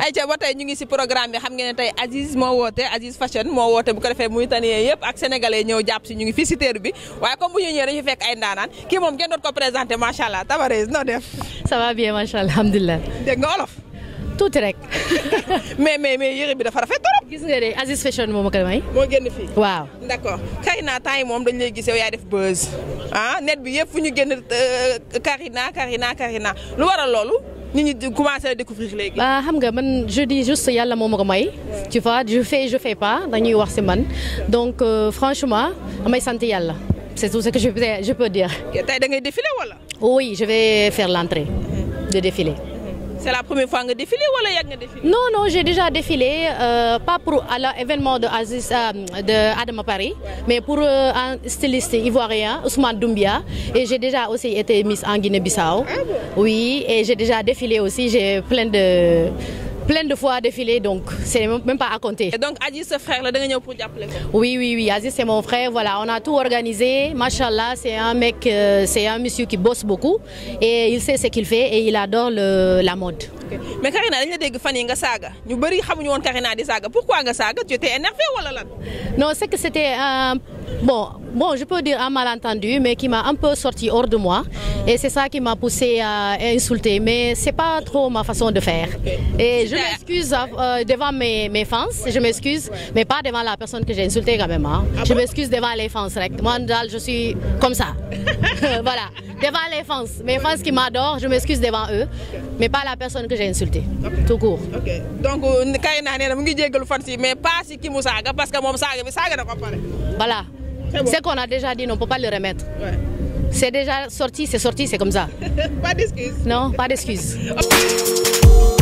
ay ba tey ñu ngi si programme bi xam ngeen ne tey Aziz moo woote Aziz Fashion moo woote bu ko defee Mauritaniens yëpp ak sénégalais ñëw jàpp si ñu ngi fii si teer bi waaye comme bu ñu ñëwee dañu fekk ay ndaanaan kii moom kenn doot ko présenté macha allah Tabarez noo def. ça va bien macha allah alhamdulilah. dégg nga olof. tuuti rek. mais mais mais yére bi dafa rafet trop. gis nga de Aziz Fashion moom ak may. moo génn fii waaw. d' accord Karina temps yi moom dañu lay gis yow yaay def buzz ah net bi yëpp fu ñu génn euh, Karina Karina Karina lu wara loolu. Comment ñi commencé à découvrir les ah je dis juste yàlla fais ko may. tu vois je fais je fais pas dañuy wax si man donc euh, franchement amay sant c'est tout ce que je peux je peux dire. Tu da ngay défiler oui je vais faire l'entrée de défiler. C'est la première fois que vous défilez ou que vous Non, non, j'ai déjà défilé, euh, pas pour l'événement de, Paris, euh, mais pour euh, un styliste ivoirien, Ousmane Doumbia. Et j'ai déjà aussi été mise en Guinée-Bissau. Ah oui, et j'ai déjà défilé aussi, j'ai plein de plein de fois à défiler donc c'est même pas à compter. Et donc Aziz, ce frère, là, pour Oui, oui, oui, Aziz, c'est mon frère. Voilà, on a tout organisé. Machallah, c'est un mec, euh, c'est un monsieur qui bosse beaucoup et il sait ce qu'il fait et il adore la mode. Mais Karina, nous que Fanny Saga. Nous Karina Saga. Pourquoi Saga Tu étais énervée ou là Non, c'est que c'était un bon, bon, je peux dire un malentendu, mais qui m'a un peu sorti hors de moi. Ah. Et c'est ça qui m'a poussé à insulter. Mais c'est pas trop ma façon de faire. Et je m'excuse euh, devant mes, mes, fans, je m'excuse, mais pas devant la personne que j'ai insultée quand même. Hein. Ah je m'excuse devant les fans. Moi, je suis comme ça. voilà, devant les fans. Mes fans qui m'adorent, je m'excuse devant eux, mais pas la personne que j'ai insultée. Tout court. Donc, euh, mais pas si qui parce que Voilà. Ce qu'on a déjà dit, on ne peut pas le remettre. C'est déjà sorti, c'est sorti, c'est comme ça. pas d'excuses Non, pas d'excuses.